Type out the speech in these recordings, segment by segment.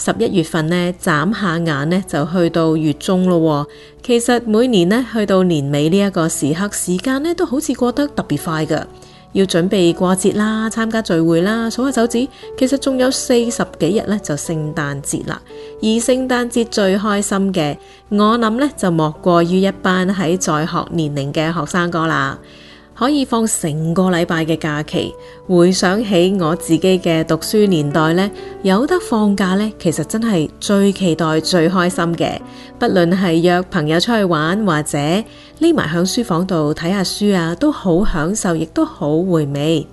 十一月份咧，眨下眼咧就去到月中咯。其實每年咧去到年尾呢一個時刻，時間咧都好似過得特別快㗎。要準備過節啦，參加聚會啦，數下手指，其實仲有四十幾日咧就聖誕節啦。而聖誕節最開心嘅，我諗咧就莫過於一班喺在，在學年齡嘅學生哥啦。可以放成個禮拜嘅假期。回想起我自己嘅讀書年代呢，有得放假呢，其實真係最期待，最開心嘅。不論係約朋友出去玩，或者匿埋響書房度睇下書啊，都好享受，亦都好回味。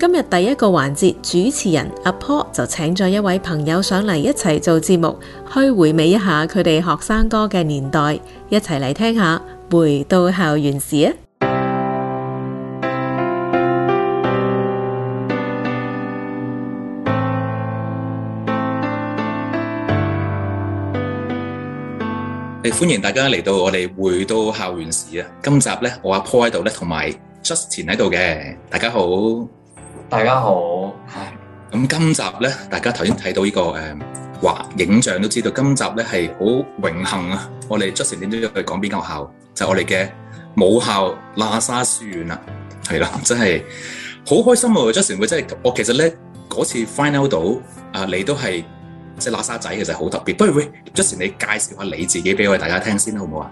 今日第一個環節，主持人阿 Po 就請咗一位朋友上嚟一齊做節目，去回味一下佢哋學生哥嘅年代，一齊嚟聽下回到校園時啊！誒，歡迎大家嚟到我哋回到校園市啊！今集咧，我阿 p 坡喺度咧，同埋 Justin 喺度嘅，大家好，大家好，係、啊。咁今集咧，大家頭先睇到呢、這個誒畫、呃、影像，都知道今集咧係好榮幸啊！我哋 Justin 點都要去講邊間學校，就是、我哋嘅母校拉沙書院啊。係啦、啊，真係好開心啊！Justin 會真係，我其實咧嗰次 final 到啊，你都係。即係喇沙仔其實好特別，不如喂，喂，Justin，你介紹下你自己俾我哋大家聽先，好唔好啊？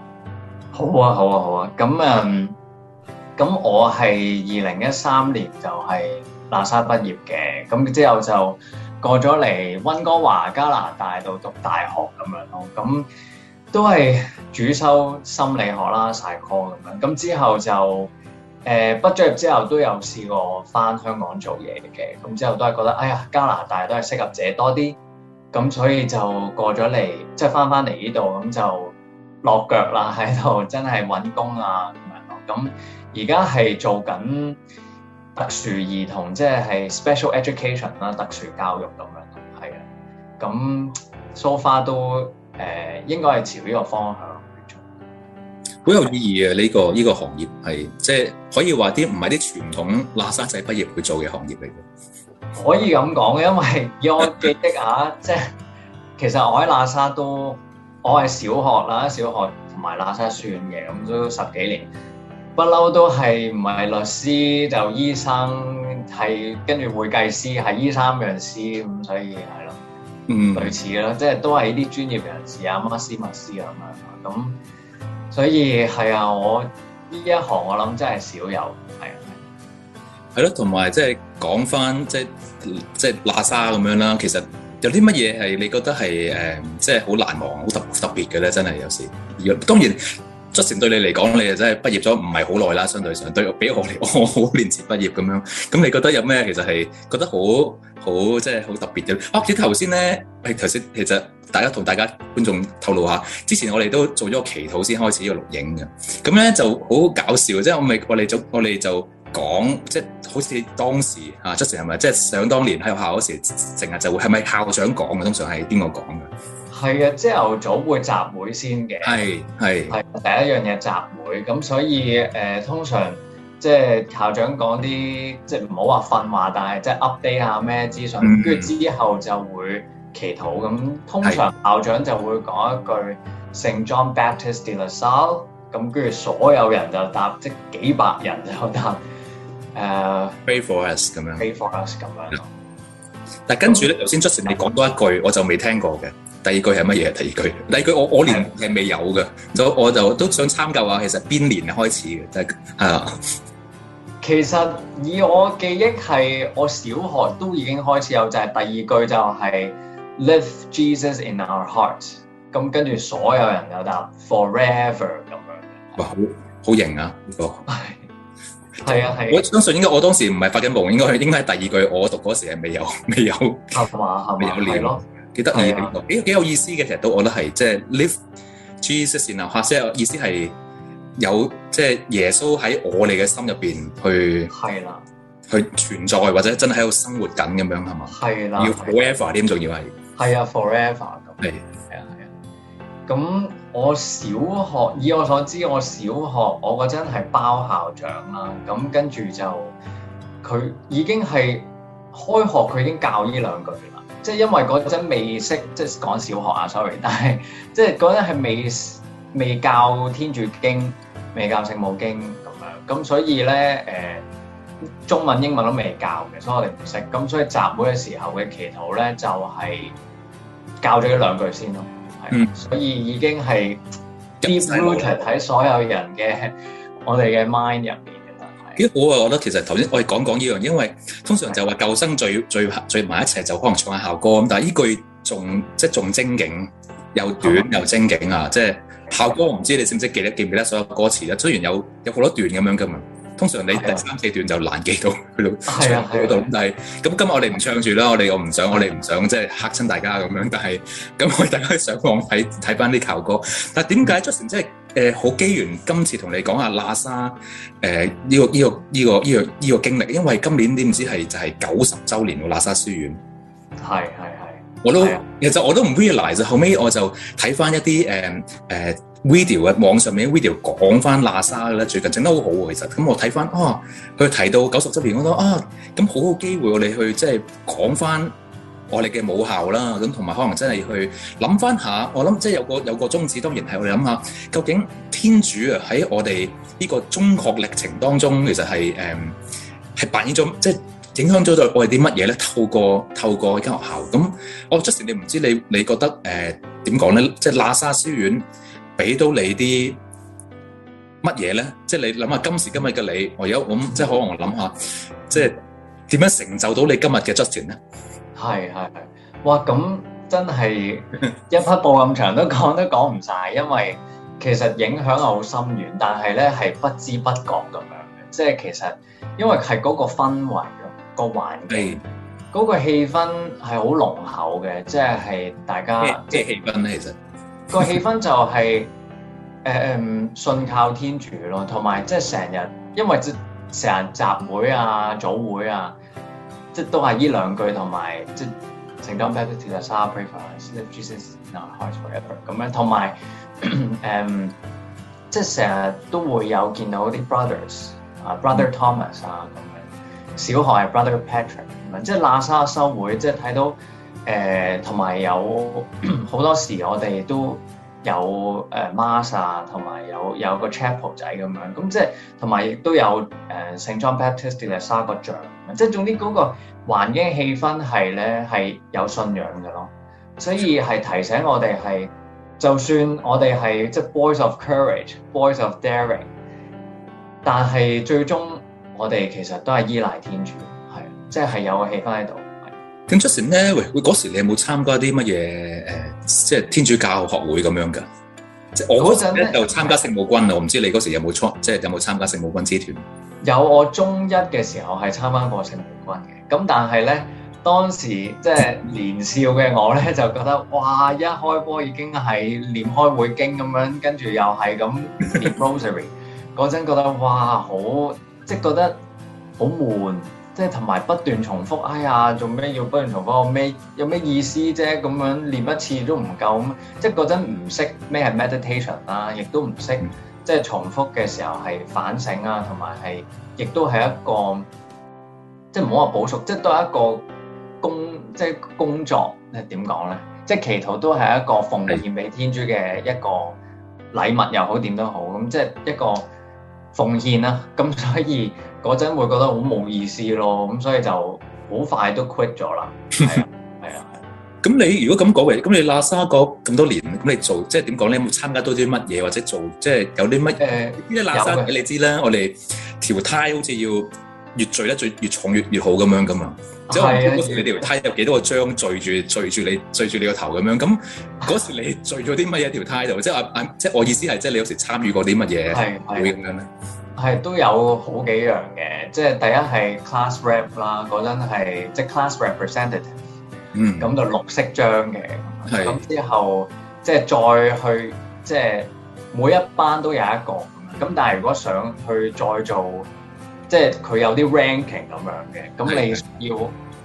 好啊，好啊，好啊。咁誒，咁我係二零一三年就係喇沙畢業嘅，咁之後就過咗嚟溫哥華加拿大度讀大學咁樣咯。咁都係主修心理學啦，碩科咁樣。咁之後就誒畢咗業之後都有試過返香港做嘢嘅。咁之後都係覺得，哎呀，加拿大都係適合者多啲。咁所以就過咗嚟，即係返返嚟呢度，咁就落腳啦，喺度真係揾工啊咁樣咯。咁而家係做緊特殊兒童，即係 special education 啦，特殊教育咁樣咯，係啊。咁 so far 都誒、呃、應該係朝呢個方向去做。好有意義啊！呢個呢個行業係即係可以話啲唔係啲傳統喇沙仔畢業去做嘅行業嚟嘅。可以咁講嘅，因為以我記憶嚇、啊，即係其實我喺喇沙都，我係小學啦，小學同埋喇沙算嘅，咁都十幾年，是不嬲都係唔係律師就醫生，係跟住會計師，係依三樣師，咁所以係咯，嗯、類似嘅啦，即係都係啲專業人士啊乜 a s t e 啊咁樣，咁所以係啊，我呢一行我諗真係少有係。係咯，同埋即係講翻即係即係喇沙咁樣啦。其實有啲乜嘢係你覺得係誒，即係好難忘、好特特別嘅咧？真係有時。當然，作成對你嚟講，你又真係畢業咗唔係好耐啦。相對上對，比我嚟，我好年前畢業咁樣。咁你覺得有咩其實係覺得好好，即係好特別嘅？啊，啲頭先咧，係頭先其實大家同大家觀眾透露下，之前我哋都做咗個祈禱先開始呢個錄影嘅。咁咧就好搞笑，即係我咪我哋做我哋就。講即係好似當時啊 Justin 係咪即係想當年喺學校嗰時，成日就會係咪校長講嘅？通常係邊個講嘅？係啊，朝頭早會集會先嘅。係係係第一樣嘢集會咁，所以誒、呃、通常即係校長講啲即係唔好話訓話，但係即係 update 下咩資訊，跟住、嗯、之後就會祈禱咁。通常的校長就會講一句聖 John Baptist de La Salle 咁，跟住所有人就答，即係幾百人就答。誒，pray for us 咁樣，pray for us 咁樣。但係跟住咧，頭先 Justin 你講多一句，我就未聽過嘅。第二句係乜嘢？第二句，第二句我我連係未有嘅，就我就都想參考下，其實邊年開始嘅？係啊。其實以我記憶係，我小學都已經開始有，就係第二句就係 live Jesus in our hearts。咁跟住所有人有答 forever 咁樣。哇，好好型啊呢個。係 啊，啊， 我相信應該我當時唔係發緊夢，應該應該係第二句我讀嗰時係未有未有話，面 有念咯，幾嘍得意幾幾有意思嘅，其實都我覺得係即係 Live Jesus now，即係意思係有即係、就是、耶穌喺我哋嘅心入邊去，係啦、啊，去存在或者真係喺度生活緊咁樣係嘛，係啦，要 forever 添，仲要係，係啊，forever 咁，係係啊係啊，咁、啊。我小學以我所知，我小學我嗰陣係包校長啦，咁跟住就佢已經係開學，佢已經教呢兩句啦。即係因為嗰陣未識即係講小學啊，sorry，但係即係嗰陣係未未教天主經、未教聖母經咁樣，咁所以咧誒、呃、中文、英文都未教嘅，所以我哋唔識。咁所以集會嘅時候嘅祈禱咧，就係、是、教咗呢兩句先咯。嗯，所以已經係 deep rooted 喺所有人嘅、嗯、我哋嘅 mind 入面嘅，真係。咦，我啊覺得其實頭先我哋講講呢樣，因為通常就話舊生聚聚、嗯、聚埋一齊就可能唱下校歌咁，但係依句仲即係仲精警，又短、嗯、又精警啊！嗯、即係、嗯、校歌我，我唔知你識唔識記得記唔記得所有歌詞咧。雖然有有好多段咁樣噶嘛。通常你第三、啊、四段就難記到去到唱嗰度，但係咁今日我哋唔唱住啦，我哋又唔想，我哋唔想即係嚇親大家咁樣，但係咁我哋大家上網睇睇翻啲舊歌。但點解、嗯、Justin 即係誒好機緣今次同你講下喇沙誒呢個呢、呢個呢、呢個呢、呢個呢、呢個經歷？因為今年點知係就係九十周年嘅喇沙書院。係係係，我都其實我都唔 realize，後尾我就睇翻一啲誒誒。呃呃呃呃 video 啊，網上面 video 講翻喇沙嘅咧，最近整得好好喎，其實咁我睇翻，哦、啊，佢提到九十七年，我覺得啊，咁好好機會我哋去即係講翻我哋嘅母校啦，咁同埋可能真係去諗翻下，我諗即係有個有個宗旨，當然係我哋諗下，究竟天主啊喺我哋呢個中學歷程當中，其實係誒係扮演咗即係影響咗到我哋啲乜嘢咧？透過透過依間學校咁，我出時你唔知你你覺得誒點講咧？即係喇沙書院。俾到你啲乜嘢咧？即係你諗下今時今日嘅你，我有咁即係可能我諗下，即係點樣成就到你今日嘅出船咧？係係係，哇！咁真係一匹布咁長都講都講唔晒，因為其實影響係好深遠，但係咧係不知不覺咁樣嘅，即係其實因為係嗰個氛圍個環境，嗰是個氣氛係好濃厚嘅，即係係大家即係氣氛咧，其實。個氣氛就係誒誒信靠天主咯同埋即係成日因為即成日集會啊早會啊即都係呢兩句同埋即係成間 petty sorry if Jesus not harsh forever 咁樣同埋誒即係成日都會有見到啲 brothers 啊 brother Thomas 啊咁樣小學係 brother Patrick 咁樣即係那沙修會即係睇到誒同埋有好多時我哋都有誒 mass 啊，同埋有有個 chapel 仔咁樣，咁即係同埋亦都有誒聖 John Baptist 嘅沙個像，即係總之個環境氣氛係咧係有信仰嘅咯，所以係提醒我哋係就算我哋係即係 boys of courage，boys of daring，但係最終我哋其實都係依賴天主，係，即係有個氣氛喺度。點出事咧？喂，嗰時你有冇參加啲乜嘢？誒、呃，即係天主教學會咁樣嘅。即係我嗰陣咧就參加聖母軍啊。我唔知你嗰時有冇出，即係有冇參加聖母軍之團。有，我中一嘅時候係參加過聖母軍嘅。咁但係咧，當時即係年少嘅我咧，就覺得哇，一開波已經係念開會經咁樣，跟住又係咁唸 rosary。嗰陣覺得哇，好即係、就是、覺得好悶。即係同埋不斷重複，哎呀，做咩要不斷重複？咩有咩意思啫？咁樣練一次都唔夠，即係嗰陣唔識咩係 meditation 啦、啊，亦都唔識即係重複嘅時候係反省啊，同埋係亦都係一個即係唔好話保熟，即係都係一個工即係工作，點講咧？即係祈禱都係一個奉獻俾天主嘅一個禮物又好，點都好，咁即係一個。奉獻啦、啊，咁所以嗰陣會覺得好冇意思咯，咁所以就好快都 quit 咗啦。係啊，係啊，咁、啊、你如果咁講嘅，咁你喇沙講咁多年，咁你做即係點講咧？你有冇參加多啲乜嘢或者做即係有啲乜？誒、呃，啲喇沙俾你知啦，我哋條胎好似要。越聚得最越重越越好咁樣噶嘛，即係、啊、你條梯有幾多個章聚住聚住你聚住你個頭咁樣，咁嗰時你聚咗啲乜嘢條梯度？即係我即係我意思係即係你有時參與過啲乜嘢會咁是樣咧？係都有好幾樣嘅，即係第一係 class rep 啦，嗰陣係即係 class representative，咁就、嗯、綠色章嘅，咁之是後即係再去即係每一班都有一個咁樣，咁但係如果想去再做。即係佢有啲 ranking 咁樣嘅，咁的你要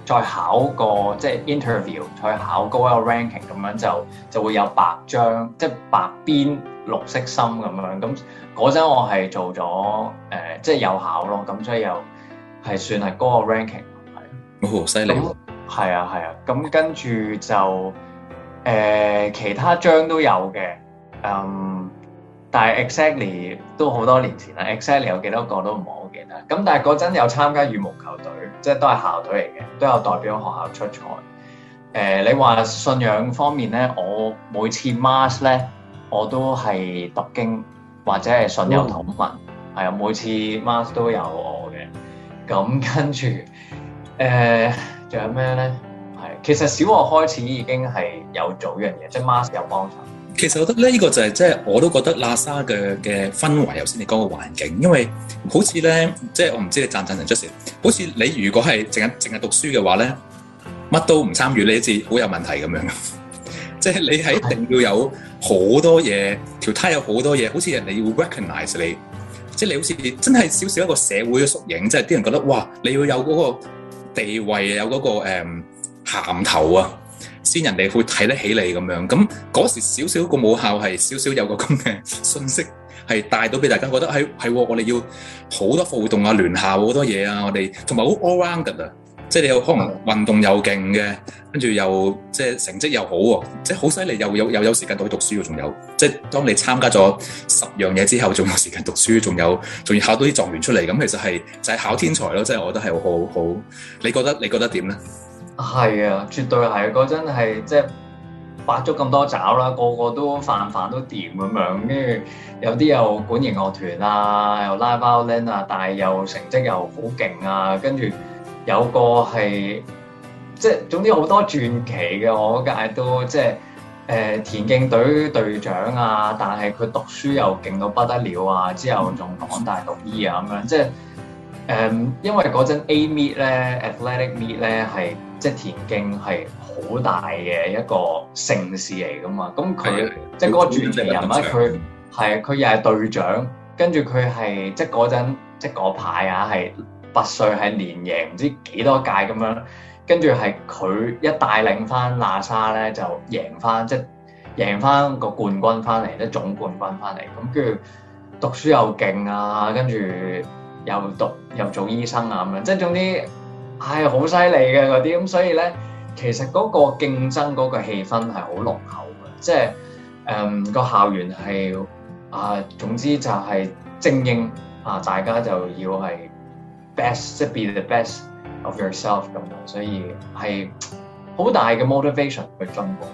再考個即係、就是、interview 去考高一個 ranking 咁樣就就會有白章，即係白邊綠色心咁樣。咁嗰陣我係做咗誒、呃，即係有考咯，咁所以又係算係高個 ranking，哦。係啊，犀利。係啊，係啊。咁跟住就誒，其他章都有嘅。嗯。但係 exactly 都好多年前啦，exactly 有幾多個都唔係好記得。咁但係嗰陣有參加羽毛球隊，即係都係校隊嚟嘅，都有代表學校出賽。誒、呃，你話信仰方面咧，我每次 mass 咧我都係讀經或者係信友禱文。係啊、哦，每次 mass 都有我嘅。咁跟住誒，仲、呃、有咩咧？係，其實小學開始已經係有做一樣嘢，即係 mass 有幫手。其實我覺得呢依個就係即係我都覺得喇沙嘅嘅氛圍，頭先你講個環境，因為好似咧，即係我唔知你贊唔贊成爵士。好似你如果係淨係淨係讀書嘅話咧，乜都唔參與，你好似好有問題咁樣。即係你係一定要有好多嘢，條梯有好多嘢，好似人哋要 recognize 你，即係你好似真係少少一個社會嘅縮影，即係啲人覺得哇，你要有嗰個地位，有嗰、嗰個誒銜、嗯、頭啊！先人哋會睇得起你咁樣，咁嗰時少少個母校係少少有個咁嘅信息，係帶到俾大家覺得係係，我哋要好多活動啊，聯校好多嘢啊，我哋同埋好 all round 嘅啊，即係你有可能運動又勁嘅，跟住又即係成績又好喎，即係好犀利，又有又有時間去讀書，仲有即係當你參加咗十樣嘢之後，仲有時間讀書，仲有仲要考到啲狀元出嚟，咁其實係就係考天才咯，即係我覺得係好好，好，好，你覺得你覺得點咧？係啊，絕對係嗰陣係即係白足咁多爪啦，個個都飯飯都掂咁樣，跟住有啲又管弦樂團啊，又拉 violin 啊，但係又成績又好勁啊，跟住有個係即係總之好多傳奇嘅，我屆都即係誒、呃、田徑隊隊長啊，但係佢讀書又勁到不得了啊，之後仲港大讀醫啊咁、嗯嗯、樣，即係誒、呃、因為嗰陣 A meet 咧，athletic meet 咧係。即田徑係好大嘅一個盛事嚟㗎嘛，咁佢的即嗰個主角人物，佢係佢又係隊長，嗯、跟住佢係即嗰陣即嗰排啊，係拔萃係連贏唔知幾多屆咁樣，跟住係佢一帶領翻喇沙咧就贏翻即贏翻個冠軍翻嚟，即總冠軍翻嚟，咁跟住讀書又勁啊，跟住又讀又做醫生啊咁樣，即總之。係好犀利嘅嗰啲，咁、哎、所以咧，其實嗰個競爭嗰個氣氛係好濃厚嘅，即係誒、嗯那個校園係啊，總之就係精英啊，大家就要係 best，即係 be the best of yourself 咁樣，所以係好大嘅 motivation 去進步。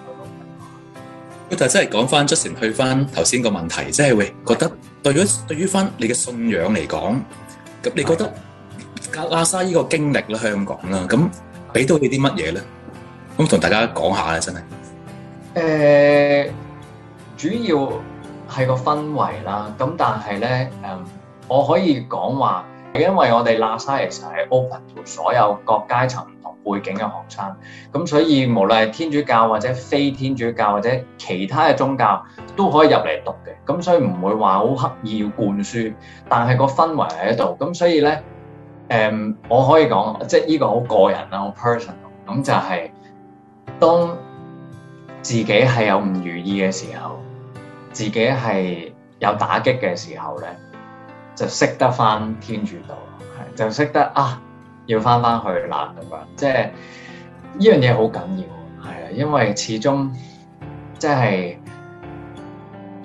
咁、那個、但係真係講翻 Justin 去翻頭先個問題，即、就、係、是、喂覺得對於對於翻你嘅信仰嚟講，咁你覺得？格喇沙依個經歷咧，香港啦，咁俾到你啲乜嘢咧？咁同大家講下咧，真係誒，主要係個氛圍啦。咁但係咧，誒、嗯，我可以講話，因為我哋喇沙其實係 open to 所有各階層、唔同背景嘅學生，咁所以無論係天主教或者非天主教或者其他嘅宗教都可以入嚟讀嘅。咁所以唔會話好刻意要灌輸，但係個氛圍喺度。咁所以咧。誒，um, 我可以講，即係呢個好個人啦，好 personal，就是。咁就係當自己係有唔如意嘅時候，自己係有打擊嘅時候咧，就識得返天主度，就識得啊，要返返去啦咁樣。即係呢樣嘢好緊要，係啊，因為始終即係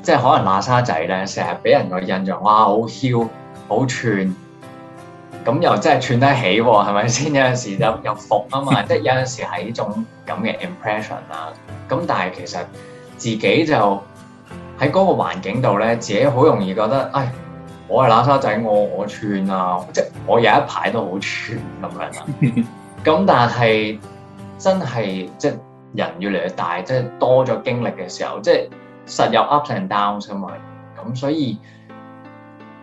即係可能喇沙仔咧，成日俾人個印象，哇，好囂，好串。咁又真係串得起喎、啊，係咪先？有陣時就又服啊嘛，即係有陣時係呢種咁嘅 impression 啦、啊。咁但係其實自己就喺嗰個環境度咧，自己好容易覺得，唉，我係喇沙仔，我我串啊，即係我有一排都好串咁、啊、樣啦。咁但係真係即係人越嚟越大，即係多咗經歷嘅時候，即係實有 ups and downs 啊嘛。咁所以。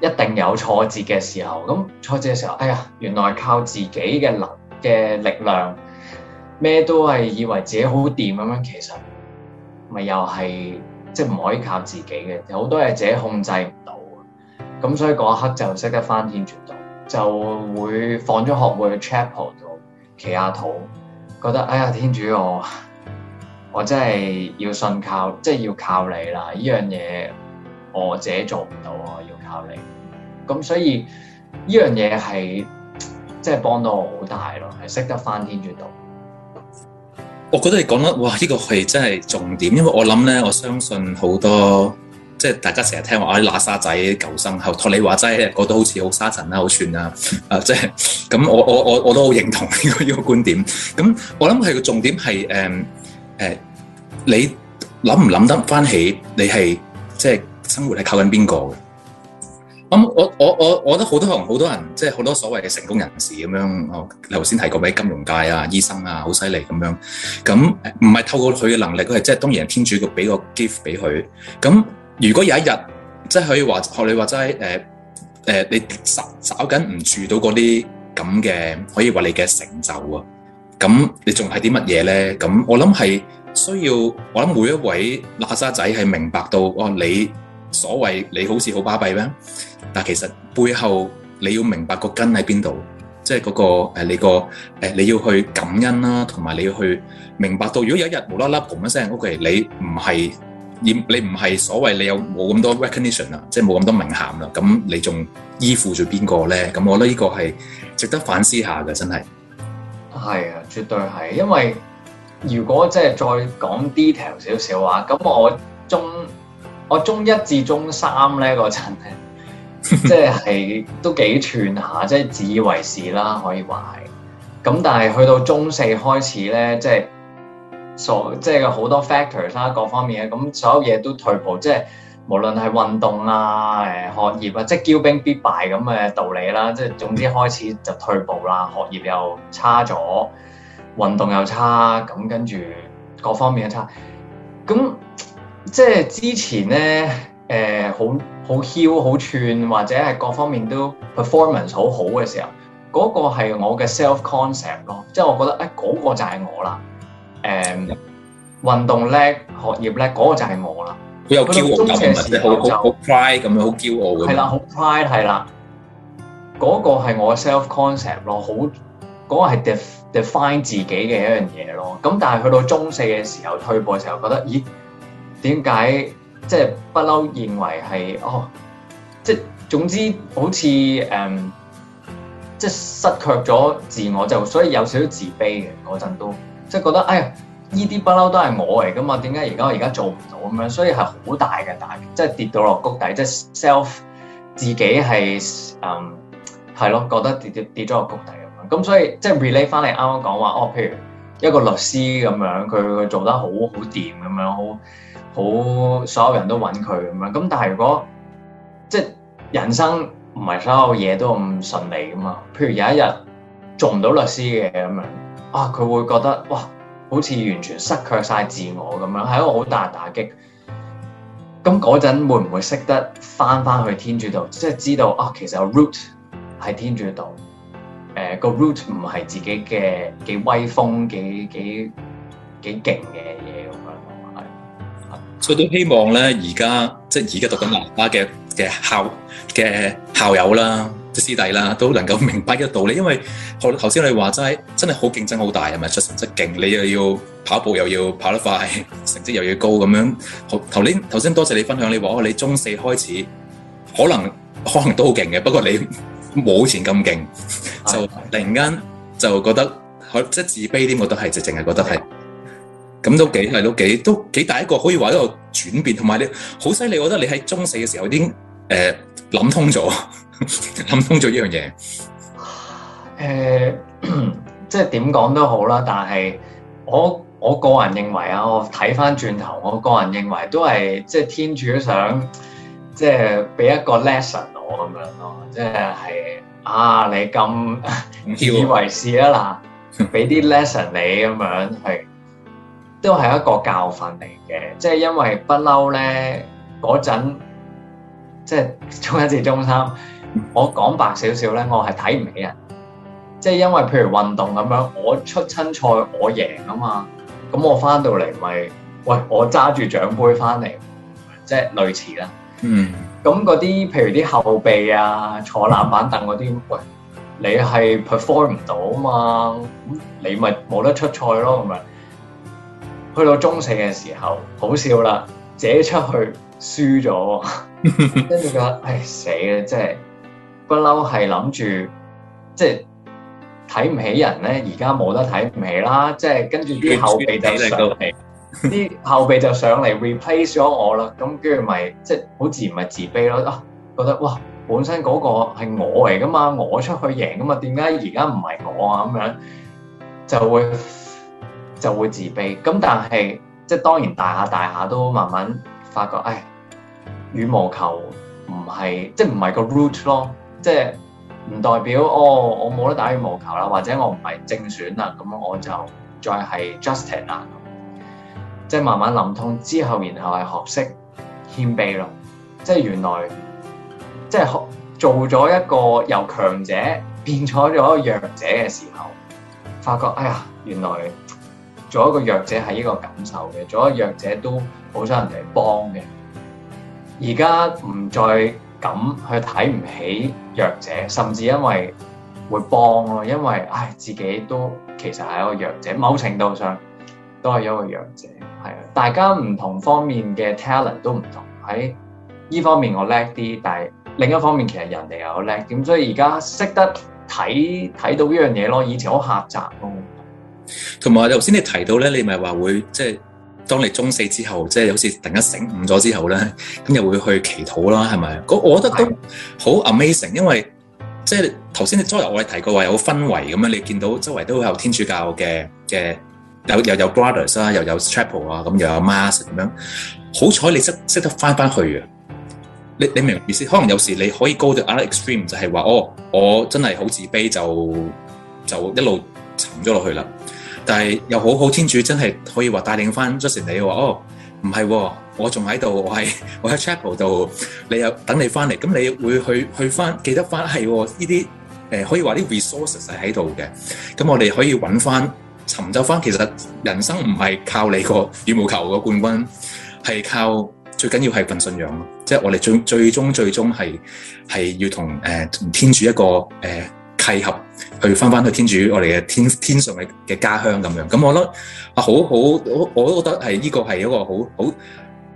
一定有挫折嘅時候，咁挫折嘅時候，哎呀，原來靠自己嘅能嘅力量，咩都係以為自己好掂咁樣，其實咪又係即係唔可以靠自己嘅，好多嘢自己控制唔到。咁所以一刻就識得翻天主度，就會放咗學會去 chapel 度祈下禱，覺得哎呀，天主我，我真係要信靠，即係要靠你啦！呢樣嘢我自己做唔到啊！要。咁所以呢樣嘢係即係幫到我好大咯，係識得翻天轉道。我覺得你講得哇，呢、這個係真係重點，因為我諗咧，我相信好多即係大家成日聽話啲喇沙仔救生後，托你話齋咧，我都好似好沙塵啦，好串啦，啊，即係咁、嗯，我我我我都好認同呢個呢個觀點。咁、嗯、我諗係個重點係誒誒，你諗唔諗得翻起你係即係生活係靠緊邊個嘅？咁、嗯、我我我我覺得好多可能好多人即係好多所謂嘅成功人士咁樣，我頭先提過啲金融界啊、醫生啊，好犀利咁樣。咁唔係透過佢嘅能力，佢係即係當然天主教俾個 gift 俾佢。咁、嗯、如果有一日即係可以話學你話齋，誒、呃、誒，你實找緊唔住到嗰啲咁嘅可以話你嘅成就啊？咁、嗯、你仲係啲乜嘢咧？咁、嗯、我諗係需要我諗每一位喇沙仔係明白到，哦你所謂你好似好巴閉咩？但係其實背後你要明白個根喺邊度，即係嗰個誒你個誒你要去感恩啦，同埋你要去明白到，如果有一日無啦啦嘣一聲，OK，你唔係你你唔係所謂你有冇咁多 recognition 啊，即係冇咁多名銜啦，咁你仲依附住邊個咧？咁我覺得呢個係值得反思下嘅，真係。係啊，絕對係，因為如果即係再講 detail 少少話，咁我中我中一至中三咧嗰陣咧。 即係都幾串下，即係自以為是啦，可以話係。咁但係去到中四開始呢，即係所即係好多 factors 啦，各方面嘅，咁所有嘢都退步，即係無論係運動啦、誒學業啊，即係驕兵必敗咁嘅道理啦。即係總之開始就退步啦，學業又差咗，運動又差，咁跟住各方面又差。咁即係之前呢，誒、呃、好。好翹好串或者係各方面都 performance 好好嘅時候，嗰、那個係我嘅 self concept 咯，con cept, 即係我覺得誒嗰、哎那個就係我啦。誒、um, 運動叻、學業叻，嗰、那個就係我啦。佢有驕傲感，或者好好 pride 咁樣，好驕傲咁。係啦，好 pride 係啦，嗰個係我 self concept 咯，好嗰個係 define 自己嘅一樣嘢咯。咁但係去到中四嘅時候退步嘅時候，時候覺得咦點解？即係不嬲認為係哦，即係總之好似誒、嗯，即係失卻咗自我就，所以有少少自卑嘅嗰陣都，即係覺得哎呀，呢啲不嬲都係我嚟㗎嘛，點解而家我而家做唔到咁樣？所以係好大嘅打擊，即係跌到落谷底，即係 self 自己係誒係咯，覺得跌跌跌咗個谷底咁樣。咁所以即係 relate 翻嚟啱啱講話，哦，譬如。一個律師咁樣，佢佢做得好好掂咁樣，好好，所有人都揾佢咁樣。咁但係如果即係人生唔係所有嘢都咁順利㗎嘛？譬如有一日做唔到律師嘅咁樣，啊，佢會覺得哇，好似完全失去晒自我咁樣，係一個好大嘅打擊。咁嗰陣會唔會識得返返去天主度？即係知道啊？其實有 root 喺天主度。」誒、呃，嗰個 route 唔係自己嘅幾威風，幾幾幾勁嘅嘢咁樣，係。我所以都希望咧，而家即係而家讀緊南巴嘅嘅校嘅校友啦、師弟啦，都能夠明白一個道理。因為後頭先你話齋真係好競爭好大，係咪？出成績勁，你又要跑步又要跑得快，成績又要高咁樣。頭頭先頭先多謝你分享，你話我你中四開始，可能可能都好勁嘅，不過你。冇以前咁勁， 就突然間就覺得，可即係自卑啲，覺得係直淨係覺得係，咁都幾係，都幾都幾大一個可以話一個轉變，同埋你好犀利，我覺得你喺中四嘅時候已經誒諗通咗，諗通咗依樣嘢。誒、呃，即係點講都好啦，但係我我個人認為啊，我睇翻轉頭，我個人認為都係即係天主想即係俾一個 lesson。我咁樣咯，即係係啊！你咁 以為是啊嗱，俾啲 lesson 你咁樣，係都係一個教訓嚟嘅。即係因為不嬲咧，嗰陣即係中一至中三，我講白少少咧，我係睇唔起人。即係因為譬如運動咁樣，我出親賽我贏啊嘛，咁我翻到嚟咪，喂，我揸住獎杯翻嚟，即係類似啦。嗯。咁嗰啲，譬如啲後備啊，坐冷板凳嗰啲，喂，你係 perform 唔到啊嘛，咁你咪冇得出賽咯，咁啊，去到中四嘅時候，好笑啦，自己出去輸咗，跟住覺得唉死咧，即係不嬲係諗住，即係睇唔起人咧，而家冇得睇唔起啦，即係跟住啲後備就上。上。啲 後備就上嚟 replace 咗我啦，咁跟住咪即係好自然咪自卑咯。啊，覺得哇，本身嗰個係我嚟噶嘛，我出去贏噶嘛，點解而家唔係我啊？咁樣就會就會自卑。咁但係即係當然大下大下都慢慢發覺，唉，羽毛球唔係即係唔係個 root 咯，即係唔代表哦，我冇得打羽毛球啦，或者我唔係正選啦，咁我就再係 Justin 啦。即係慢慢諗通之後，然後係學識謙卑咯。即係原來，即係學做咗一個由強者變咗咗一個弱者嘅時候，發覺哎呀，原來做一個弱者係呢個感受嘅，做一個弱者都好想人哋幫嘅。而家唔再敢去睇唔起弱者，甚至因為會幫咯，因為唉、哎、自己都其實係一個弱者，某程度上。都係一個養者，係啊！大家唔同方面嘅 talent 都唔同，喺呢方面我叻啲，但係另一方面其實人哋又好叻，咁所以而家識得睇睇到呢樣嘢咯。以前好狹窄咯。同埋頭先你提到咧，你咪話會即係當你中四之後，即係好似突然間醒悟咗之後咧，咁又會去祈禱啦，係咪？我覺得都好 amazing，的因為即係頭先你周圍我哋提過話有氛圍咁樣，你見到周圍都有天主教嘅嘅。又又有 brothers 啊，又有 chapel 啊，咁又有 mass 咁樣。好彩你識識得翻翻去啊！你你明唔意思？可能有時你可以 go to another extreme，就係話哦，我真係好自卑，就就一路沉咗落去啦。但係又好好天主真係可以話帶領翻 Joseph 你話哦，唔係、哦，我仲喺度，我係我喺 chapel 度，你又等你翻嚟，咁你會去去翻記得翻係呢啲誒，可以話啲 resources 係喺度嘅，咁我哋可以揾翻。尋找翻，其實人生唔係靠你個羽毛球個冠軍，係靠最緊要係份信仰。即係我哋最最終最終係係要同誒、呃、天主一個誒、呃、契合，去翻翻去天主我哋嘅天天上嘅嘅家鄉咁樣。咁我覺得啊，好好，我都覺得係呢個係一個好好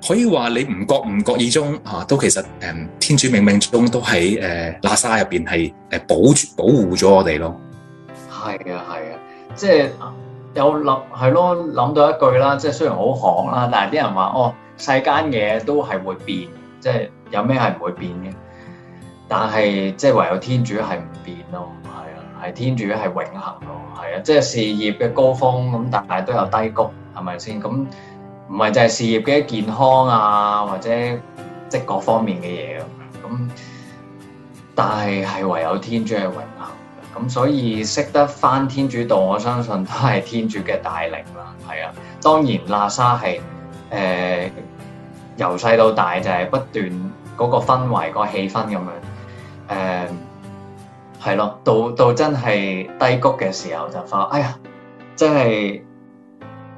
可以話你唔覺唔覺意中啊，都其實誒、呃、天主冥冥中都喺誒喇沙入邊係誒保保護咗我哋咯。係啊，係啊。即係有諗係咯，諗到一句啦，即係雖然好行啦，但係啲人話哦，世間嘢都係會變，即係有咩係唔會變嘅？但係即係唯有天主係唔變咯，係啊，係天主係永恆咯，係啊，即係事業嘅高峰咁，但係都有低谷，係咪先？咁唔係就係事業嘅健康啊，或者即係各方面嘅嘢咁，但係係唯有天主係永。.咁所以識得翻天主道，我相信都係天主嘅帶領啦。係啊，當然喇沙係誒由細到大就係不斷嗰個氛圍、個氣氛咁樣誒，係、呃、咯，到到真係低谷嘅時候就發覺，哎呀，真係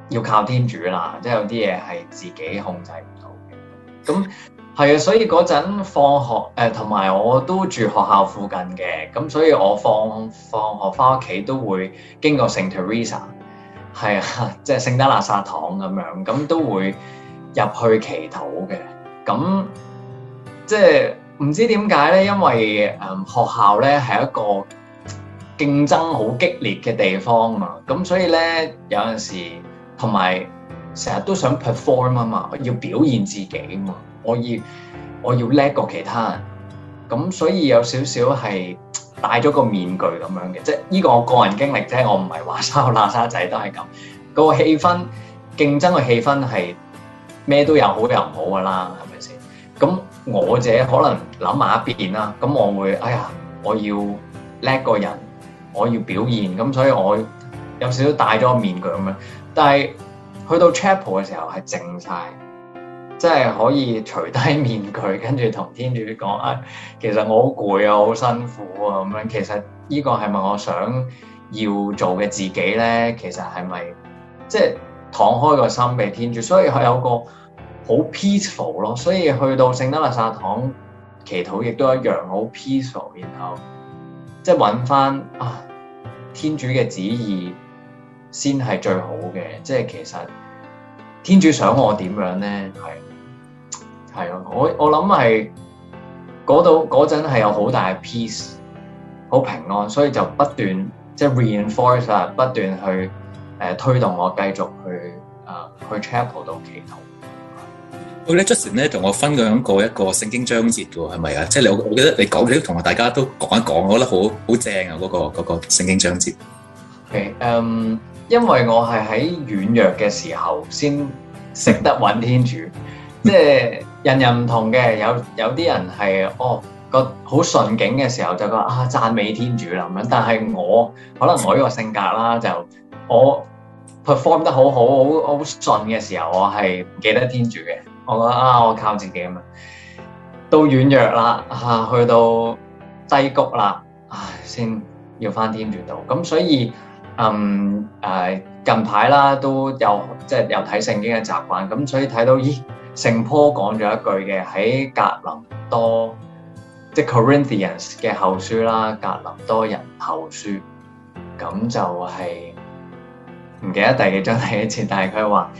要靠天主啦，即係有啲嘢係自己控制唔到嘅，咁。係啊，所以嗰陣放學，誒同埋我都住學校附近嘅，咁所以我放放學返屋企都會經過聖 Theresa，係啊，即係聖德肋撒堂咁樣，咁都會入去祈禱嘅。咁即係唔知點解呢，因為誒學校呢係一個競爭好激烈嘅地方啊，咁所以呢，有陣時同埋成日都想 perform 啊嘛，要表現自己啊嘛。我要我要叻過其他人，咁所以有少少係戴咗個面具咁樣嘅，即呢個我個人經歷啫，我唔係話所有喇沙仔都係咁。個氣氛競爭嘅氣氛係咩都有好有唔好噶啦，係咪先？咁我自己可能諗下一邊啦，咁我會，哎呀，我要叻個人，我要表現，咁所以我有少少戴咗個面具咁樣，但係去到 Chapel 嘅時候係靜晒。即係可以除低面具，跟住同天主講啊，其實我好攰啊，好辛苦啊，咁、嗯、樣其實呢個係咪我想要做嘅自己呢？其實係咪即係敞開個心俾天主？所以佢有個好 peaceful 咯、啊。所以去到聖德肋撒堂祈禱亦都一樣好 peaceful，然後即係揾翻啊天主嘅旨意先係最好嘅。即係其實天主想我點樣呢？係。係咯，我我諗係嗰度嗰陣係有好大嘅 peace，好平安，所以就不斷即係 reinforce 啊，就是、re force，不斷去誒、呃、推動我繼續去誒、呃、去 chapel 度祈禱。好，你 Justin 咧同我分享過一個聖經章節嘅喎，係咪啊？即係你我，我記得你講都同埋大家都講一講，我覺得好好正啊！嗰、那個嗰、那個聖經章節。Okay, um，因為我係喺軟弱嘅時候先識得揾天主，即係、嗯。就是人人唔同嘅，有有啲人係哦，個好順境嘅時候，就覺得啊讚美天主啦咁樣，但係我可能我呢個性格啦，就我 perform 得好好，我好順嘅時候，我係唔記得天主嘅，我覺得啊我靠自己咁樣，到軟弱啦啊，去到低谷啦，唉、啊，先要返天主度，咁所以嗯誒、啊、近排啦都有即係、就是、有睇聖經嘅習慣，咁所以睇到咦～聖坡講咗一句嘅喺格林多即係 Corinthians 嘅後書啦，格林多人後書咁就係、是、唔記得第幾章第一次。但係佢話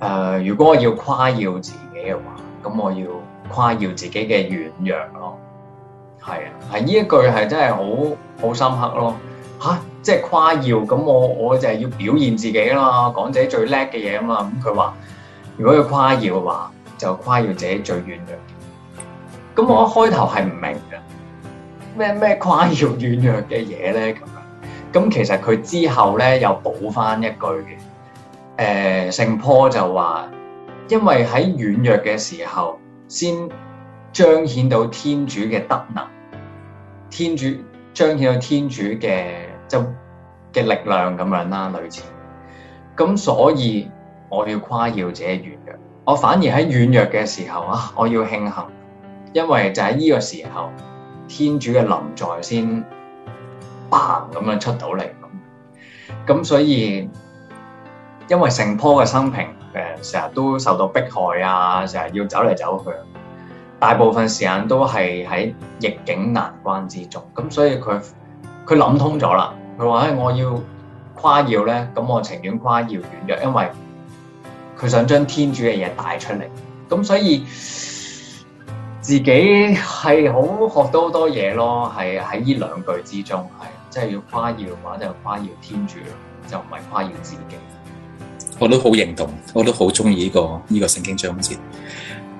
誒，如果我要誇耀自己嘅話，咁我要誇耀自己嘅軟弱咯。係啊，係呢一句係真係好好深刻咯吓、啊？即係誇耀咁，我我就係要表現自己啊嘛，講自己最叻嘅嘢啊嘛，咁佢話。如果佢誇耀嘅話，就誇耀自己最軟弱。咁我一開頭係唔明嘅，咩咩誇耀軟弱嘅嘢呢咁樣？咁其實佢之後呢，又補翻一句嘅，誒聖坡就話，因為喺軟弱嘅時候，先彰顯到天主嘅德能，天主彰顯到天主嘅就嘅力量咁樣啦，類似。咁所以。我要誇耀自己軟弱，我反而喺軟弱嘅時候啊，我要慶幸，因為就喺呢個時候，天主嘅臨在先嘭咁樣出到嚟咁，咁所以因為成樖嘅生平誒成日都受到迫害啊，成日要走嚟走去，大部分時間都係喺逆境難關之中，咁所以佢佢諗通咗啦，佢話誒我要誇耀咧，咁我情願誇耀軟弱，因為。佢想將天主嘅嘢帶出嚟，咁所以自己係好學到好多嘢咯。係喺呢兩句之中，係即係要誇耀嘅話，就誇耀天主，就唔係誇耀自己。我都好認同，我都好中意呢個呢個聖經章節。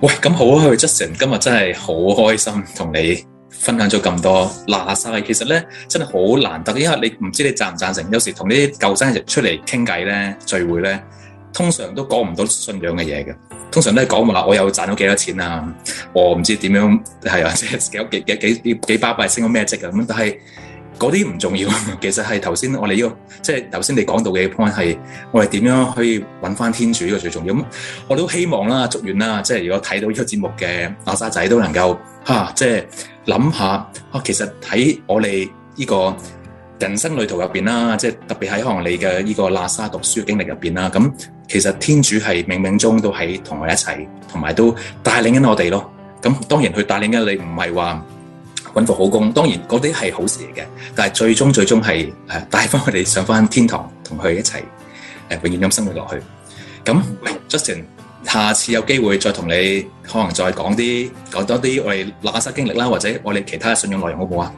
喂，咁好啊，Justin，今日真係好開心同你分享咗咁多嗱晒，其實咧，真係好難得，因為你唔知你贊唔贊成，有時同啲舊生出嚟傾偈咧，聚會咧。通常都講唔到信仰嘅嘢嘅，通常都係講話我又賺咗幾多錢啊，我唔知點樣係啊，即係幾幾幾幾幾百倍升咗咩職啊咁，但係嗰啲唔重要，其實係頭先我哋要、呢個、即係頭先你講到嘅 point 係我哋點樣可以揾翻天主呢，呢個最重要。咁我都希望啦，祝願啦，即係如果睇到呢個節目嘅阿沙仔都能夠嚇，即係諗下啊，其實睇我哋呢、呢個。人生旅途入邊啦，即係特別喺可能你嘅呢個喇沙讀書嘅經歷入邊啦，咁其實天主係冥冥中都喺同我一齊，同埋都帶領緊我哋咯。咁當然佢帶領緊你唔係話揾份好工，當然嗰啲係好事嚟嘅，但係最終最終係誒帶翻我哋上翻天堂，同佢一齊誒永遠咁生活落去。咁 Justin，下次有機會再同你可能再講啲講多啲我哋喇沙經歷啦，或者我哋其他嘅信仰內容好唔好啊？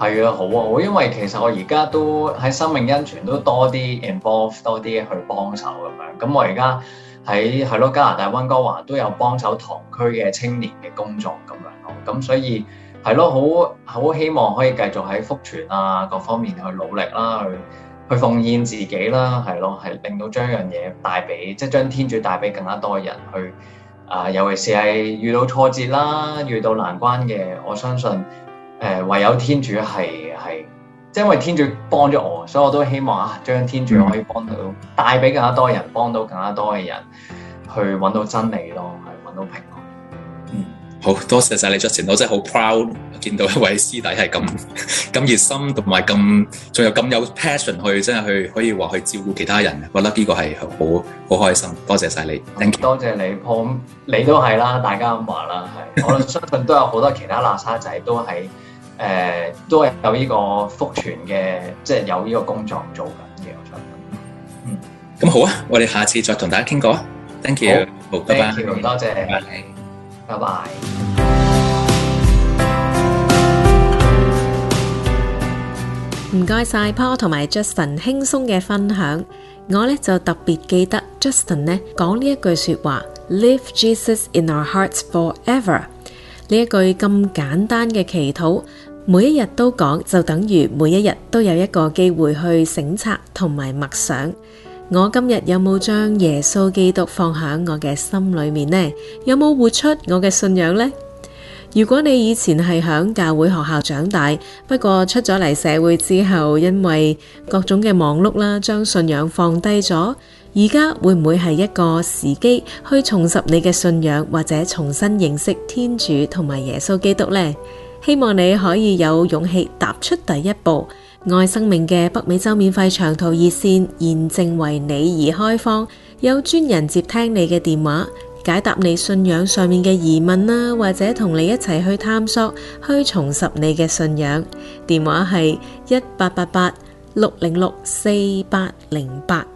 係啊，好啊，我因為其實我而家都喺生命恩泉都多啲 involve 多啲去幫手咁樣，咁我而家喺係咯加拿大溫哥華都有幫手堂區嘅青年嘅工作咁樣咯，咁所以係咯好好希望可以繼續喺福傳啊各方面去努力啦、啊，去去奉獻自己啦、啊，係咯，係令到將一樣嘢帶俾即係將天主帶俾更加多人去啊、呃，尤其是係遇到挫折啦、遇到難關嘅，我相信。誒唯有天主係係，即係因為天主幫咗我，所以我都希望啊，將天主可以幫到，帶俾、嗯、更加多人，幫到更加多嘅人，去揾到真理咯，係揾到平安。嗯，好多謝晒你出前，Justin，我真係好 proud 見到一位師弟係咁咁熱心同埋咁，仲有咁有 passion 去，真係去可以話去照顧其他人，我覺得呢個係好好開心。多謝晒你，好 Thank you. 多謝你，潘，你都係啦，大家咁話啦，係， 我哋相信都有好多其他喇沙仔都喺。誒都係有呢個福傳嘅，即係有呢個工作做緊嘅。我想，嗯，咁好啊，我哋下次再同大家傾過 Thank you，好 bye bye，thank you，多謝，拜拜。唔該晒 Paul 同埋 Justin 輕鬆嘅分享，我咧就特別記得 Justin 呢講呢一句説話：Live Jesus in our hearts forever。呢一句咁簡單嘅祈禱。每一日都講，就等於每一日都有一個機會去省察同埋默想。我今日有冇將耶穌基督放響我嘅心裏面呢？有冇活出我嘅信仰呢？如果你以前係響教會學校長大，不過出咗嚟社會之後，因為各種嘅忙碌啦，將信仰放低咗，而家會唔會係一個時機去重拾你嘅信仰，或者重新認識天主同埋耶穌基督呢？希望你可以有勇氣踏出第一步。愛生命嘅北美洲免費長途熱線現正為你而開放，有專人接聽你嘅電話，解答你信仰上面嘅疑問啦，或者同你一齊去探索去重拾你嘅信仰。電話係一八八八六零六四八零八。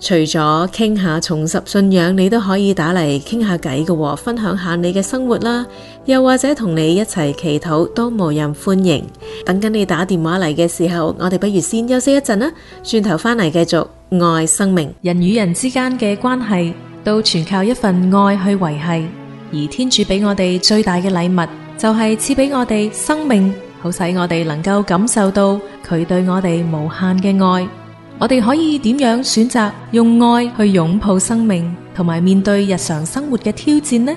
除咗傾下重拾信仰，你都可以打嚟傾下偈嘅，分享下你嘅生活啦。又或者同你一齊祈禱都無人歡迎。等緊你打電話嚟嘅時候，我哋不如先休息一陣啦，轉頭翻嚟繼續愛生命。人與人之間嘅關係，都全靠一份愛去維繫。而天主俾我哋最大嘅禮物，就係賜俾我哋生命，好使我哋能夠感受到佢對我哋無限嘅愛。我哋可以點樣選擇用愛去擁抱生命，同埋面對日常生活嘅挑戰呢？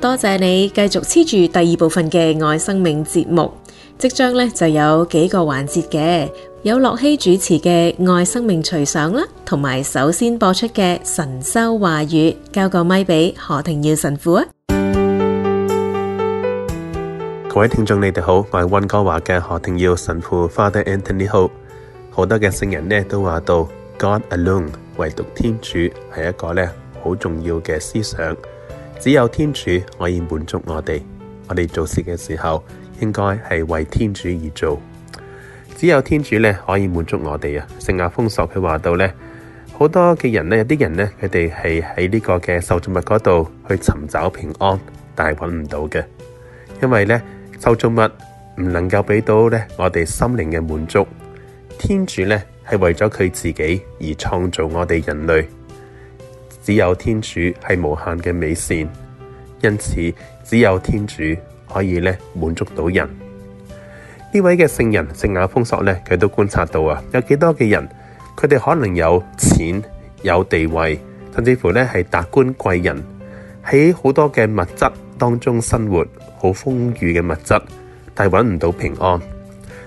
多謝你繼續黐住第二部分嘅愛生命節目，即將咧就有幾個環節嘅，有樂希主持嘅愛生命隨想啦，同埋首先播出嘅神修話語，交個咪俾何庭耀神父啊！各位聽眾你哋好，我係溫哥華嘅何庭耀神父 Father Anthony Ho。好多嘅聖人呢都話到 God alone，唯獨天主係一個呢好重要嘅思想。只有天主可以滿足我哋，我哋做事嘅時候應該係為天主而做。只有天主咧可以滿足我哋啊！聖亞豐索佢話到咧，好多嘅人咧，有啲人咧，佢哋係喺呢個嘅受造物嗰度去尋找平安，但係搵唔到嘅，因為咧受造物唔能夠俾到咧我哋心靈嘅滿足。天主咧係為咗佢自己而創造我哋人類。只有天主係無限嘅美善，因此只有天主可以咧滿足到人。位聖人聖呢位嘅聖人聖雅封索咧，佢都觀察到啊，有幾多嘅人，佢哋可能有錢有地位，甚至乎咧係達官貴人，喺好多嘅物質當中生活好豐裕嘅物質，但係搵唔到平安。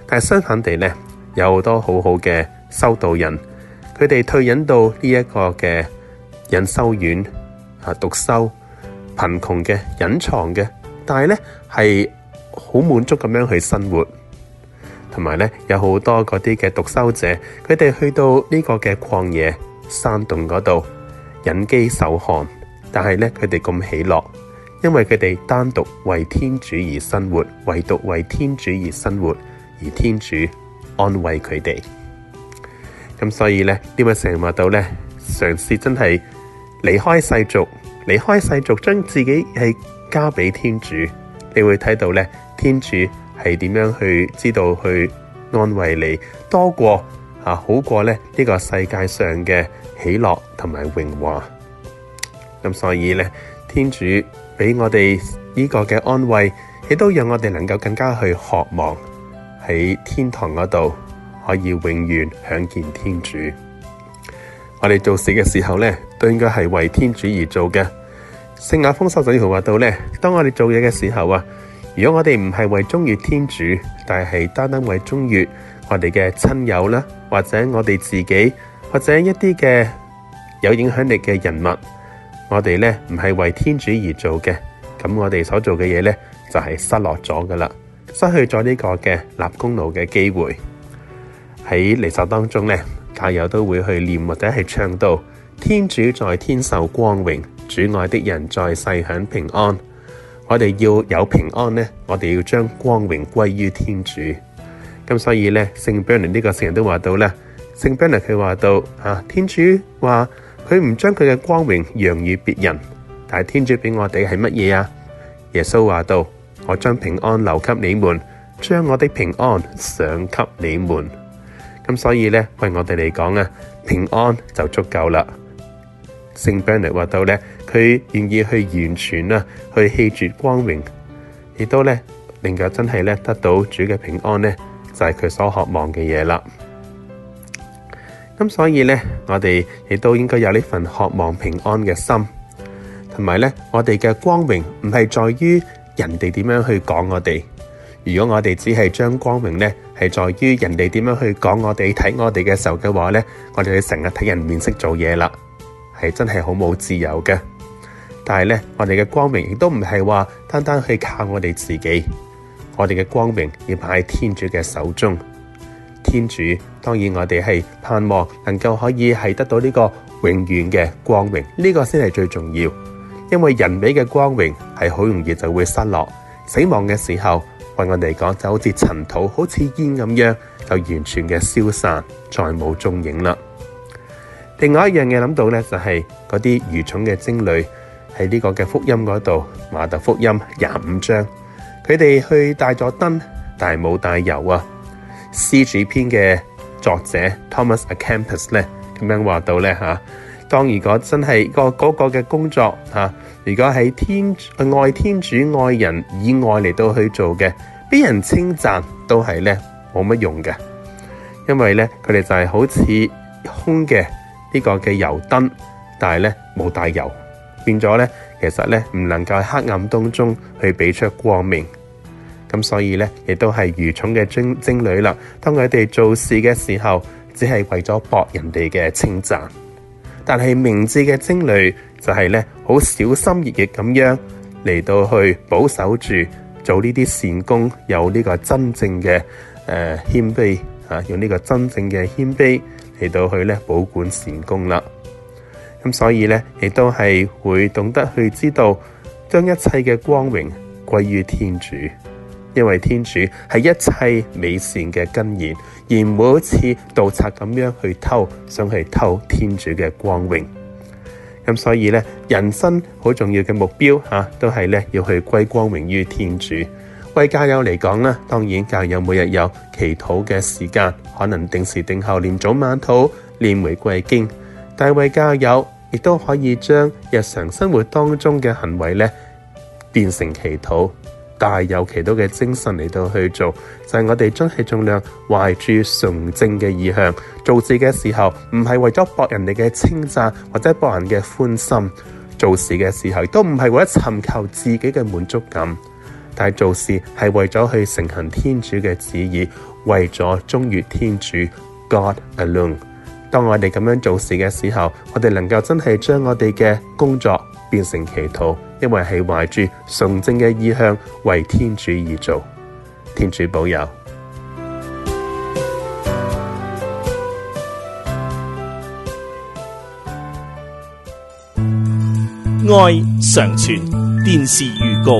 但係相反地咧，有很多很好多好好嘅修道人，佢哋退隱到呢一個嘅。隱修院啊，獨修貧窮嘅隱藏嘅，但係呢係好滿足咁樣去生活，同埋呢，有好多嗰啲嘅獨修者，佢哋去到呢個嘅曠野山洞嗰度忍飢受寒，但係咧佢哋咁喜樂，因為佢哋單獨為天主而生活，唯獨為天主而生活，而天主安慰佢哋。咁所以呢，呢位聖人話到呢，嘗試真係。離開世俗，離開世俗，將自己係交俾天主，你會睇到呢，天主係點樣去知道去安慰你，多過啊好過咧呢、這個世界上嘅喜樂同埋榮華。咁所以呢，天主俾我哋呢個嘅安慰，亦都讓我哋能夠更加去渴望喺天堂嗰度可以永遠享見天主。我哋做事嘅時候呢，都應該係為天主而做嘅。聖雅封修聖父話到呢：「當我哋做嘢嘅時候啊，如果我哋唔係為忠於天主，但係單單為忠於我哋嘅親友啦，或者我哋自己，或者一啲嘅有影響力嘅人物，我哋呢唔係為天主而做嘅，咁我哋所做嘅嘢呢，就係、是、失落咗噶啦，失去咗呢個嘅立功勞嘅機會。」喺彌撒當中呢。朋友都會去念或者係唱到：「天主在天受光榮，主愛的人在世享平安。我哋要有平安呢，我哋要將光榮歸於天主。咁所以呢，聖伯納呢個成日都話到啦，聖伯納佢話到啊，天主話佢唔將佢嘅光榮讓予別人，但係天主俾我哋係乜嘢啊？耶穌話到：「我將平安留給你們，將我的平安賞給你們。咁所以咧，為我哋嚟講啊，平安就足夠啦。聖班尼話到咧，佢願意去完全啊，去棄絕光榮，亦都咧令佢真係咧得到主嘅平安咧，就係佢所渴望嘅嘢啦。咁所以咧，我哋亦都應該有呢份渴望平安嘅心，同埋咧，我哋嘅光榮唔係在於人哋點樣去講我哋。如果我哋只係將光榮咧，係在於人哋點樣去講我哋睇我哋嘅時候嘅話呢，我哋要成日睇人面色做嘢啦，係真係好冇自由嘅。但係呢，我哋嘅光明亦都唔係話單單去靠我哋自己，我哋嘅光明要擺喺天主嘅手中。天主當然我哋係盼望能夠可以係得到呢個永遠嘅光榮，呢個先係最重要。因為人俾嘅光榮係好容易就會失落，死亡嘅時候。對我嚟講，就好似塵土，好似煙咁樣，就完全嘅消散，再冇蹤影啦。另外一樣嘢諗到咧，就係嗰啲愚蠢嘅貞女喺呢個嘅福音嗰度，瑪竇福音廿五章，佢哋去帶咗燈，但係冇帶油啊。師主篇嘅作者 Thomas A Kempis 咧，咁樣話到咧吓、啊，當如果真係嗰嗰個嘅、那個、工作吓、啊，如果係天愛天主愛人以外嚟到去做嘅。俾人稱讚都係呢，冇乜用嘅，因為呢，佢哋就係好似空嘅呢個嘅油燈，但係呢，冇帶油，變咗呢，其實呢，唔能夠喺黑暗當中去俾出光明。咁所以呢，亦都係愚蠢嘅精精女啦。當佢哋做事嘅時候，只係為咗博人哋嘅稱讚。但係明智嘅精女就係呢，好小心翼翼咁樣嚟到去保守住。做呢啲善功，有呢個真正嘅，誒謙卑啊，用呢個真正嘅謙卑嚟到去咧保管善功啦。咁、嗯、所以咧，亦都係會懂得去知道將一切嘅光榮歸於天主，因為天主係一切美善嘅根源，而唔會好似盜賊咁樣去偷，想去偷天主嘅光榮。咁、嗯、所以咧，人生好重要嘅目標嚇、啊，都係咧要去歸光榮於天主。為教友嚟講咧，當然教友每日有祈禱嘅時間，可能定時定候念早晚禱、念玫瑰經。但為教友亦都可以將日常生活當中嘅行為咧變成祈禱。大有其多嘅精神嚟到去做，就係我哋真係盡量懷住純正嘅意向做事嘅時候，唔係為咗博人哋嘅稱讚或者博人嘅歡心，做事嘅時候都唔係為咗尋求自己嘅滿足感，但係做事係為咗去成行天主嘅旨意，為咗忠於天主 God alone。當我哋咁樣做事嘅時候，我哋能夠真係將我哋嘅工作。變成祈禱，因為係懷住純正嘅意向為天主而做。天主保佑。愛上傳電視預告。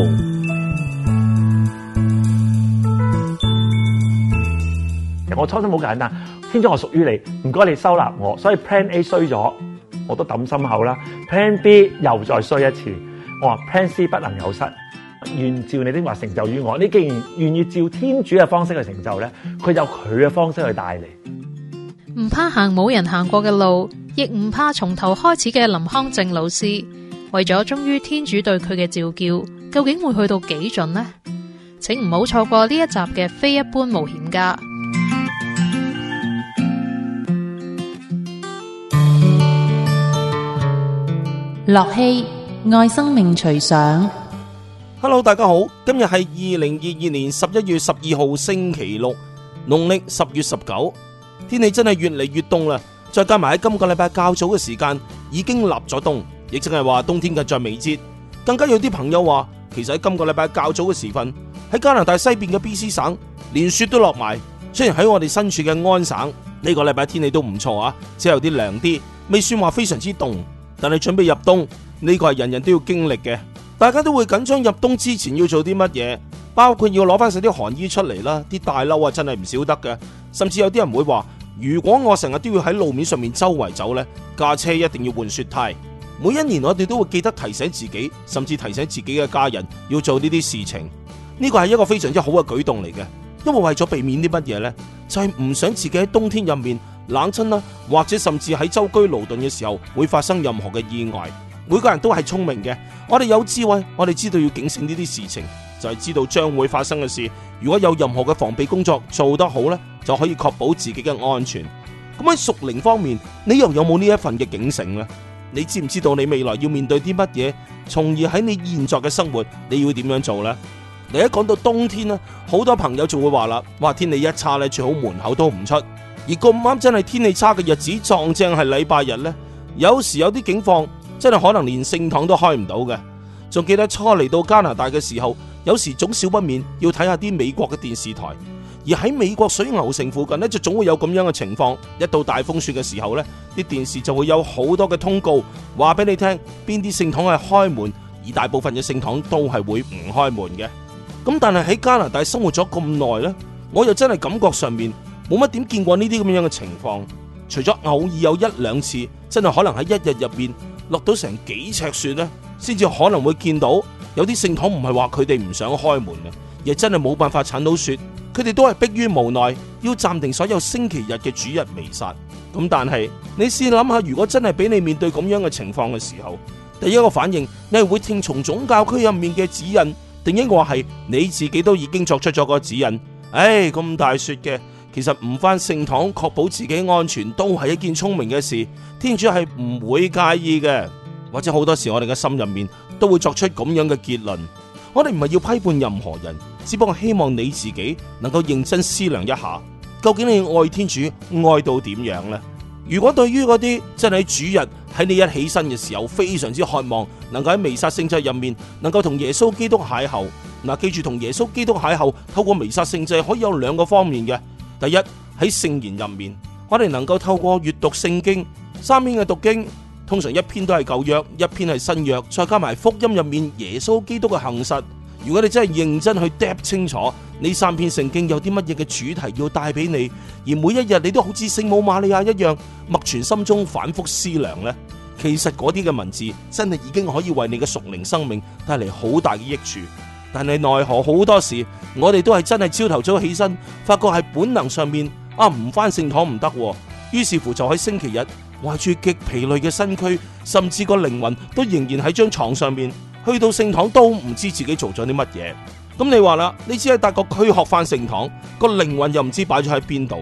我初心好簡單，天主我屬於你，唔該你收納我，所以 Plan A 衰咗。我都抌心口啦，Plan B 又再衰一次，我話 Plan C 不能有失，願照你的話成就於我。你既然願意照天主嘅方式去成就咧，佢有佢嘅方式去帶你。唔怕行冇人行過嘅路，亦唔怕從頭開始嘅林康正老師，為咗忠於天主對佢嘅召叫，究竟會去到幾盡呢？請唔好錯過呢一集嘅非一般冒險家。樂熙愛生命隨想，Hello，大家好，今日係二零二二年十一月十二號星期六，農曆十月十九，天氣真係越嚟越凍啦！再加埋喺今個禮拜較早嘅時間已經立咗冬，亦即係話冬天近在眉睫。更加有啲朋友話，其實喺今個禮拜較早嘅時分，喺加拿大西邊嘅 B C 省連雪都落埋。雖然喺我哋身處嘅安省，呢個禮拜天氣都唔錯啊，只係有啲涼啲，未算話非常之凍。但係準備入冬呢個係人人都要經歷嘅，大家都會緊張入冬之前要做啲乜嘢，包括要攞翻晒啲寒衣出嚟啦，啲大褸啊真係唔少得嘅，甚至有啲人會話，如果我成日都要喺路面上面周圍走呢，架車一定要換雪胎。每一年我哋都會記得提醒自己，甚至提醒自己嘅家人要做呢啲事情，呢個係一個非常之好嘅舉動嚟嘅，因為為咗避免啲乜嘢呢，就係唔想自己喺冬天入面。冷親啦，或者甚至喺舟車勞頓嘅時候，會發生任何嘅意外。每個人都係聰明嘅，我哋有智慧，我哋知道要警醒呢啲事情，就係知道將會發生嘅事。如果有任何嘅防備工作做得好呢，就可以確保自己嘅安全。咁喺熟齡方面，你又有冇呢一份嘅警醒呢？你知唔知道你未來要面對啲乜嘢？從而喺你現在嘅生活，你要點樣做呢？你一講到冬天呢，好多朋友就會話啦，哇，天氣一差咧，最好門口都唔出。而咁啱真係天氣差嘅日子，撞正係禮拜日呢。有時有啲景況真係可能連聖堂都開唔到嘅。仲記得初嚟到加拿大嘅時候，有時總少不免要睇下啲美國嘅電視台，而喺美國水牛城附近呢，就總會有咁樣嘅情況。一到大風雪嘅時候呢，啲電視就會有好多嘅通告，話俾你聽邊啲聖堂係開門，而大部分嘅聖堂都係會唔開門嘅。咁但係喺加拿大生活咗咁耐呢，我又真係感覺上面。冇乜點見過呢啲咁樣嘅情況，除咗偶爾有一兩次，真係可能喺一日入邊落到成幾尺雪呢，先至可能會見到有啲聖堂唔係話佢哋唔想開門啊，亦真係冇辦法鏟到雪，佢哋都係迫於無奈要暫停所有星期日嘅主日彌撒。咁但係你試諗下，如果真係俾你面對咁樣嘅情況嘅時候，第一個反應你係會聽從總教區入面嘅指引，定抑或係你自己都已經作出咗個指引？唉、哎，咁大雪嘅。其實唔返聖堂，確保自己安全都係一件聰明嘅事。天主係唔會介意嘅，或者好多時我哋嘅心入面都會作出咁樣嘅結論。我哋唔係要批判任何人，只不過希望你自己能夠認真思量一下，究竟你愛天主愛到點樣呢？如果對於嗰啲真喺主日喺你一起身嘅時候，非常之渴望能夠喺彌撒聖祭入面能夠同耶穌基督邂逅，嗱，記住同耶穌基督邂逅透過彌撒聖祭可以有兩個方面嘅。第一，喺聖言入面，我哋能夠透過閱讀聖經三篇嘅讀經，通常一篇都係舊約，一篇係新約，再加埋福音入面耶穌基督嘅行實。如果你真係認真去 d e p 清楚，呢三篇聖經有啲乜嘢嘅主題要帶俾你，而每一日你都好似聖母瑪利亞一樣默存心中，反復思量呢。其實嗰啲嘅文字真係已經可以為你嘅屬靈生命帶嚟好大嘅益處。但係奈何好多時，我哋都係真係朝頭早起身，發覺係本能上面啊，唔翻聖堂唔得啊。於是乎就喺星期日，懷住極疲累嘅身軀，甚至個靈魂都仍然喺張床上面，去到聖堂都唔知自己做咗啲乜嘢。咁你話啦，你只係搭個軀殼翻聖堂，個靈魂又唔知擺咗喺邊度。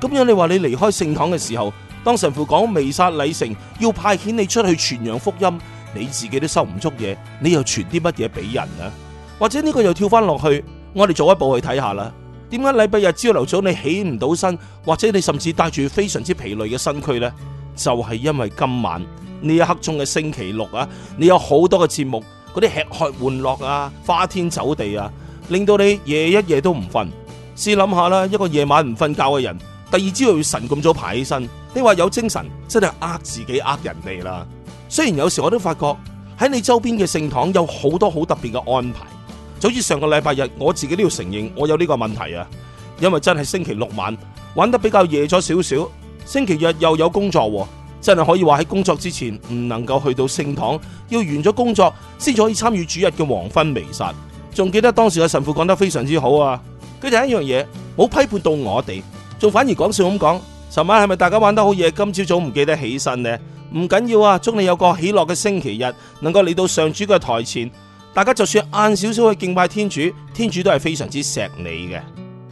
咁樣你話你離開聖堂嘅時候，當神父講彌撒禮成，要派遣你出去傳揚福音，你自己都收唔足嘢，你又傳啲乜嘢俾人啊？或者呢個又跳翻落去，我哋早一步去睇下啦。點解禮拜日朝頭早你起唔到身，或者你甚至帶住非常之疲累嘅身軀呢？就係因為今晚呢一刻鐘嘅星期六啊，你有好多嘅節目，嗰啲吃喝玩樂啊、花天酒地啊，令到你夜一夜都唔瞓。試諗下啦，一個夜晚唔瞓覺嘅人，第二朝又要神咁早爬起身，你話有精神，真係呃自己呃人哋啦。雖然有時我都發覺喺你周邊嘅聖堂有好多好特別嘅安排。就好似上個禮拜日，我自己都要承認我有呢個問題啊，因為真係星期六晚玩得比較夜咗少少，星期日又有工作啊，真係可以話喺工作之前唔能夠去到聖堂，要完咗工作先至可以參與主日嘅黃昏彌撒。仲記得當時阿神父講得非常之好啊，佢就一樣嘢，冇批判到我哋，仲反而講笑咁講，尋晚係咪大家玩得好夜，今朝早唔記得起身呢？唔緊要啊，祝你有個喜樂嘅星期日，能夠嚟到上主嘅台前。大家就算晏少少去敬拜天主，天主都係非常之錫你嘅。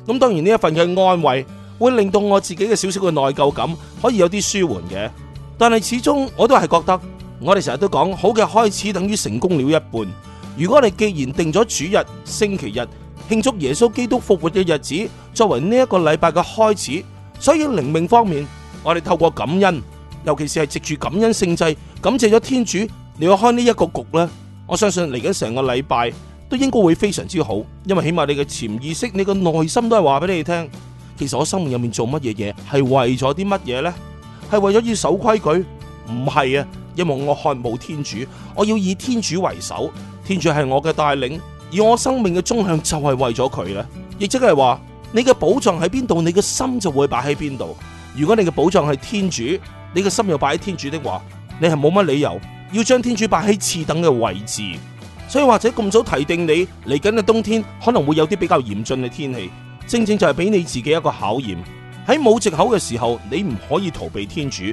咁當然呢一份嘅安慰，會令到我自己嘅少少嘅內疚感可以有啲舒緩嘅。但係始終我都係覺得，我哋成日都講好嘅開始等於成功了一半。如果你既然定咗主日，星期日慶祝耶穌基督復活嘅日子作為呢一個禮拜嘅開始，所以靈命方面，我哋透過感恩，尤其是係藉住感恩聖祭，感謝咗天主，你要開呢一個局咧。我相信嚟緊成個禮拜都應該會非常之好，因為起碼你嘅潛意識、你嘅內心都係話俾你聽，其實我生命入面做乜嘢嘢係為咗啲乜嘢呢？係為咗要守規矩？唔係啊！因為我渴慕天主，我要以天主為首，天主係我嘅帶領，而我生命嘅終向就係為咗佢咧。亦即係話，你嘅寶藏喺邊度，你嘅心就會擺喺邊度。如果你嘅寶藏係天主，你嘅心又擺喺天主的話，你係冇乜理由。要將天主擺喺次等嘅位置，所以或者咁早提定你嚟緊嘅冬天可能會有啲比較嚴峻嘅天氣，正正就係俾你自己一個考驗。喺冇藉口嘅時候，你唔可以逃避天主，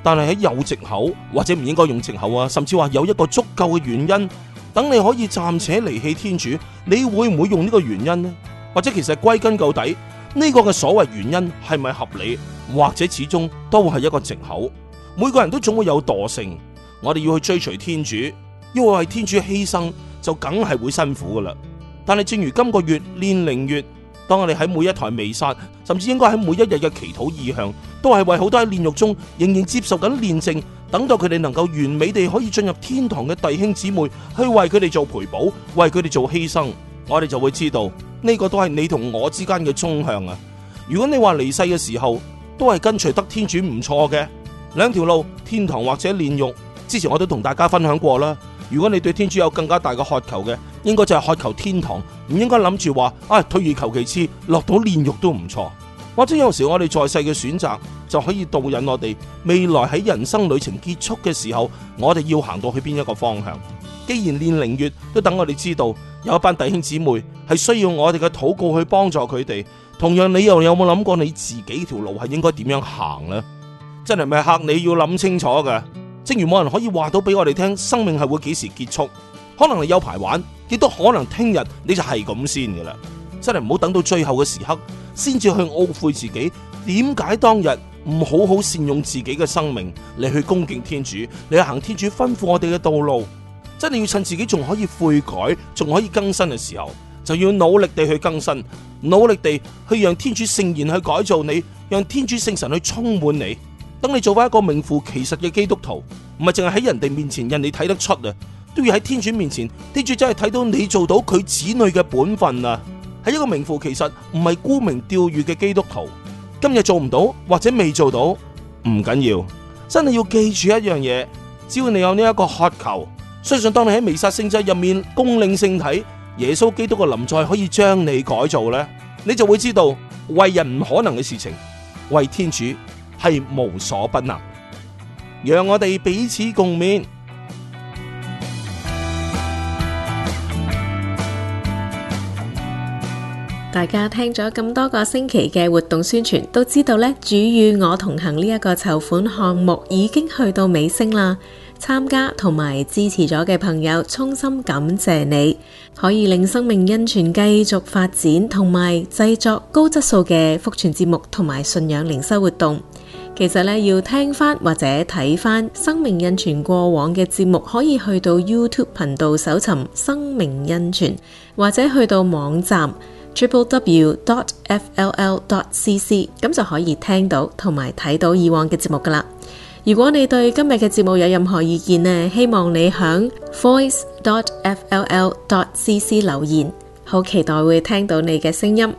但係喺有藉口或者唔應該用藉口啊，甚至話有一個足夠嘅原因，等你可以暫且離棄天主，你會唔會用呢個原因呢？或者其實歸根究底呢個嘅所謂原因係咪合理？或者始終都係一個藉口？每個人都總會有惰性。我哋要去追隨天主，要為，為天主犧牲，就梗係會辛苦噶啦。但係正如今個月煉靈月，當我哋喺每一台彌撒，甚至應該喺每一日嘅祈禱意向，都係為好多喺煉獄中仍然接受緊煉淨，等到佢哋能夠完美地可以進入天堂嘅弟兄姊妹，去為佢哋做賠補，為佢哋做犧牲，我哋就會知道呢、這個都係你同我之間嘅終向啊！如果你話離世嘅時候都係跟隨得天主唔錯嘅兩條路，天堂或者煉獄。之前我都同大家分享過啦。如果你對天主有更加大嘅渴求嘅，應該就係渴求天堂，唔應該諗住話啊退而求其次，落到煉獄都唔錯。或者有時我哋在世嘅選擇，就可以導引我哋未來喺人生旅程結束嘅時候，我哋要行到去邊一個方向。既然煉靈月都等我哋知道，有一班弟兄姊妹係需要我哋嘅禱告去幫助佢哋，同樣你又有冇諗過你自己條路係應該點樣行呢？真係咪吓你要諗清楚嘅？正如冇人可以話到俾我哋聽，生命係會幾時結束？可能係有排玩，亦都可能聽日你就係咁先噶啦。真係唔好等到最後嘅時刻，先至去懊悔自己點解當日唔好好善用自己嘅生命嚟去恭敬天主，嚟行天主吩咐我哋嘅道路。真係要趁自己仲可以悔改、仲可以更新嘅時候，就要努力地去更新，努力地去讓天主聖言去改造你，讓天主聖神去充滿你。等你做翻一個名副其實嘅基督徒，唔係淨係喺人哋面前人哋睇得出啊，都要喺天主面前，天主真係睇到你做到佢子女嘅本分啊，係一個名副其實唔係沽名釣譽嘅基督徒。今日做唔到或者未做到唔緊要，真係要記住一樣嘢，只要你有呢一個渴求，相信當你喺彌撒聖祭入面恭領聖體，耶穌基督嘅臨在可以將你改造呢，你就會知道為人唔可能嘅事情，為天主。係無所不能，讓我哋彼此共勉。大家聽咗咁多個星期嘅活動宣傳，都知道咧，主與我同行呢一個籌款項目已經去到尾聲啦。參加同埋支持咗嘅朋友，衷心感謝你，可以令生命恩泉繼續發展，同埋製作高質素嘅福傳節目，同埋信仰靈修活動。其實咧，要聽翻或者睇翻《生命印存》過往嘅節目，可以去到 YouTube 頻道搜尋《生命印存》，或者去到網站 www.fll.cc，咁就可以聽到同埋睇到以往嘅節目㗎喇。如果你對今日嘅節目有任何意見咧，希望你響 voice.fll.cc 留言，好期待會聽到你嘅聲音。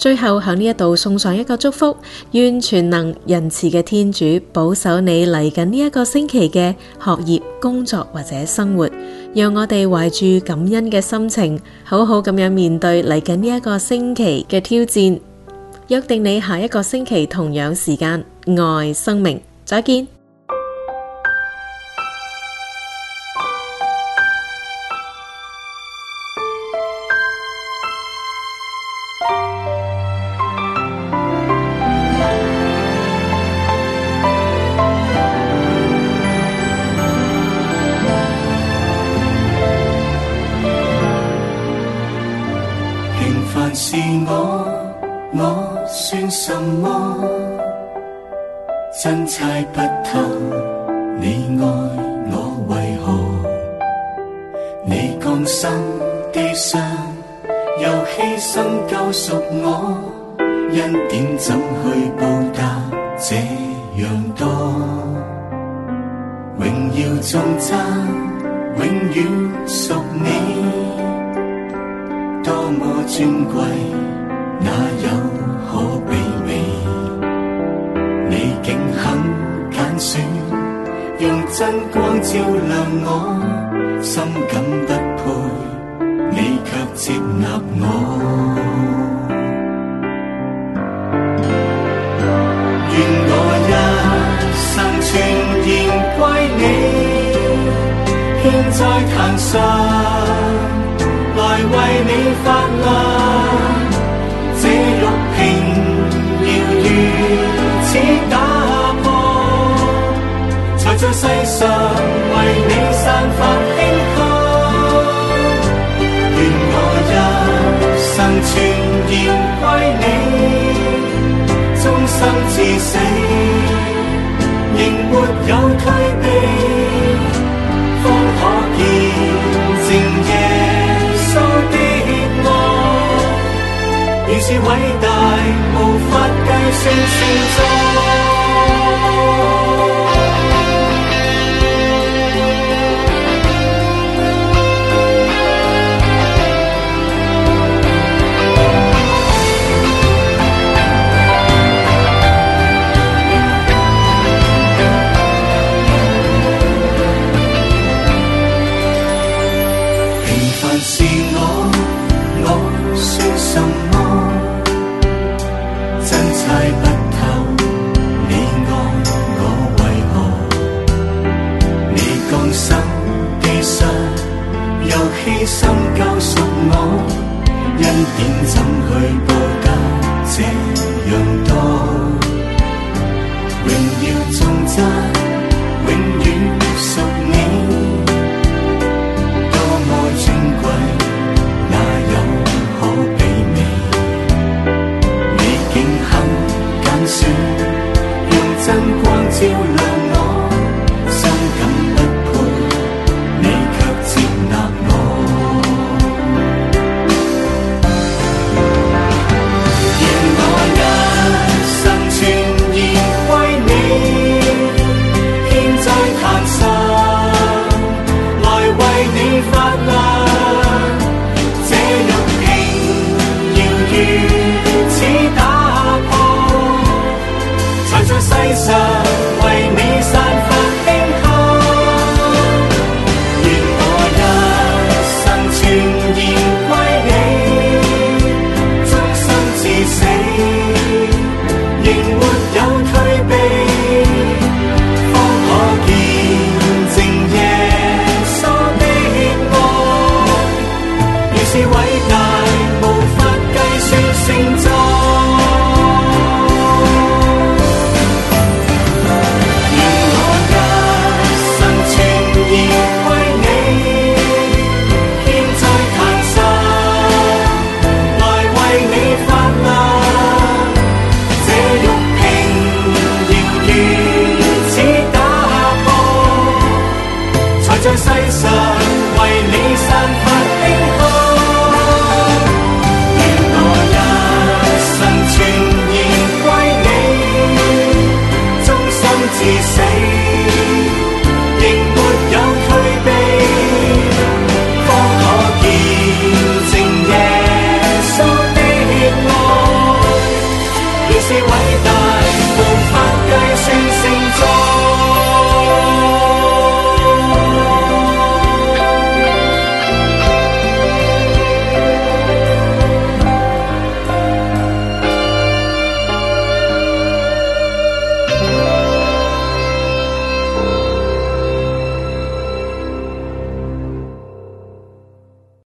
最後喺呢一度送上一個祝福，願全能仁慈嘅天主保守你嚟緊呢一個星期嘅學業、工作或者生活，讓我哋懷住感恩嘅心情，好好咁樣面對嚟緊呢一個星期嘅挑戰。約定你下一個星期同樣時間，愛生命，再見。全然歸你，終生至死，仍沒有退避，方可見證耶穌的愛，如此偉大，無法計算善作。心告訴我，恩典怎去？